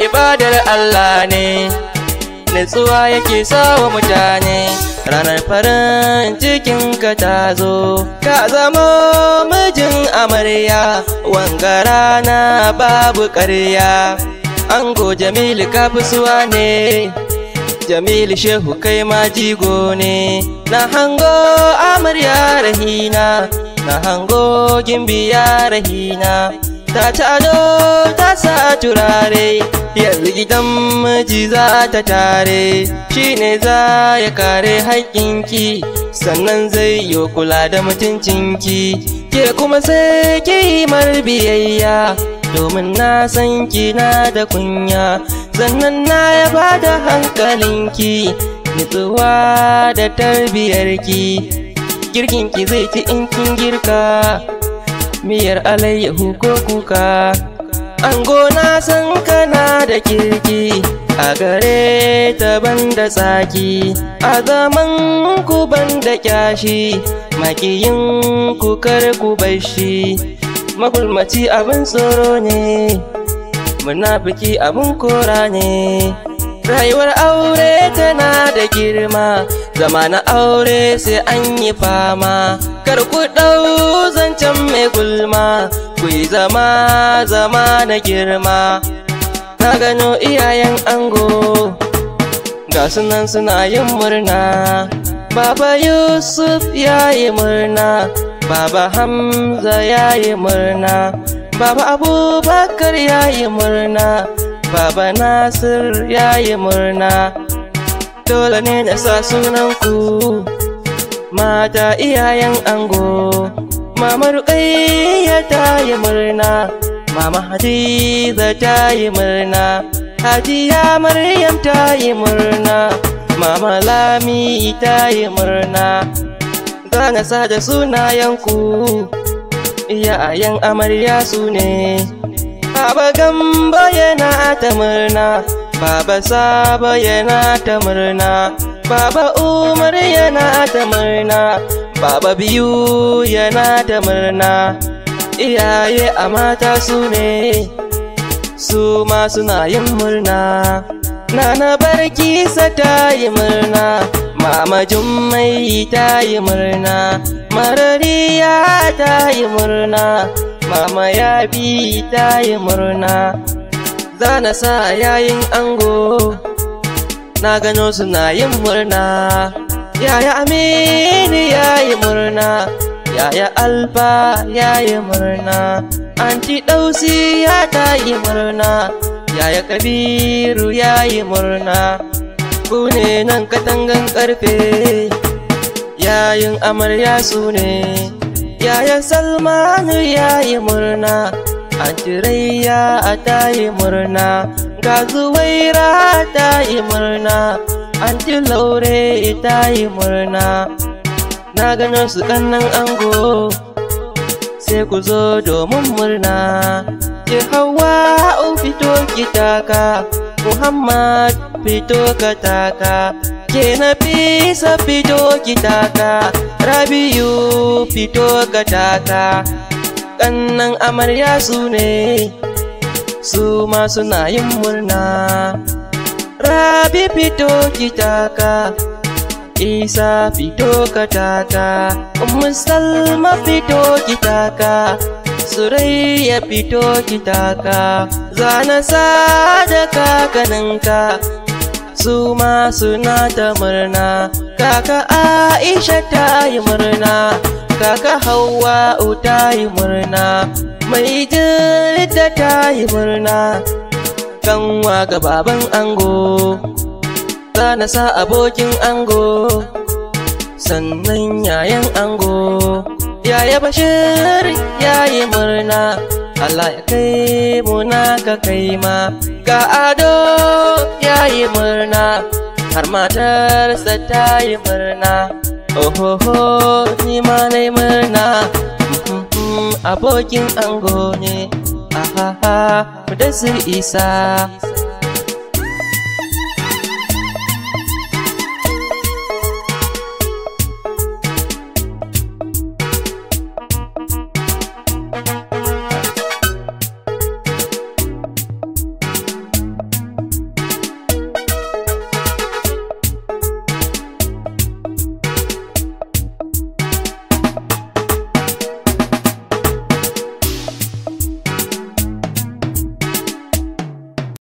ibadar Allah ne Natsuwa yake sawa mutane ranar farin cikin ka ta ka zama mijin amarya wanga rana babu ƙarya ango jamilu ka suwa ne jamilu shehu kai ma jigo ne na hango amarya rahina na hango gimbiya rahina ta ci ado ta sa turare yanzu gidan miji za ta tare shi ne za ya kare haƙƙinki sannan zai yi kula da mutuncinki ke kuma sai ki yi biyayya domin na san kina da kunya sannan na ya ba da hankalinki nutsuwa da tarbiyarki girkinki zai ci in kin girka miyar alayyahu ko kuka ango na san kana da kirki a gare ta banda tsaki a zaman ku banda kyashi makiyin ku kar ku bashi magulmaci abin tsoro ne munafiki abin kora ne rayuwar aure ta da girma zama na aure sai an yi fama kar ku ɗau zancen mai gulma ku yi zama zama na girma na gano iyayen ango ga sunan suna yin murna baba yusuf ya yi murna baba hamza ya yi murna baba abubakar ya yi murna baba nasir ya yi murna dole ne na sa sunan ku mata iyayen ango mama ruqayya ta yi murna mama hadiza ta yi murna hajiya maryam ta yi murna mama lami ta yi murna zana sa da sunayenku iyayen amarya su ne A gamba yana ta murna Baba Saba yana ta murna, Baba Umar yana ta murna, Baba Biyu yana ta murna. Iyaye a mata su ne, su ma suna yin murna. Nana Barkisa ta yi murna, Mama Jummai ta yi murna, Marariya ta yi murna, Mama Yabi ta yi murna. za na sa yayin ango na gano na yin murna yaya amini yayi murna yaya alfa yayi murna anti Dausi ya ta yi murna yaya kabiru yayi murna ku ne nan katangan karfe yayin amarya su ne yaya salmanu yayi murna a atayi a murna ga zuwaira ta yi murna anti laure ta yi murna na ganin su kannan ango sai ku zo domin murna ki hawa fito ki taka muhammad fito ka taka ke na fito ki taka rabiu fito ka taka ƙannan amarya su ne su masu suna yin murna rabi fito kitaka isa fito ka musalma fito kitaka surai ya fito kitaka zana sadaka kaninka su masu suna ta murna kaka aisha ta yi murna kaka Hauwa ta yi murna mai jirta ta yi murna kanwa ga baban ango kana sa abokin ango sannan yayan ango yaya bashir ya yi murna Allah ya kai muna ka kai ma ga ado ya yi murna har matarsa ta yi murna ohoho ni ma na yi murna mm-hmm, mm-hmm, abokin ango ne ahaha da isa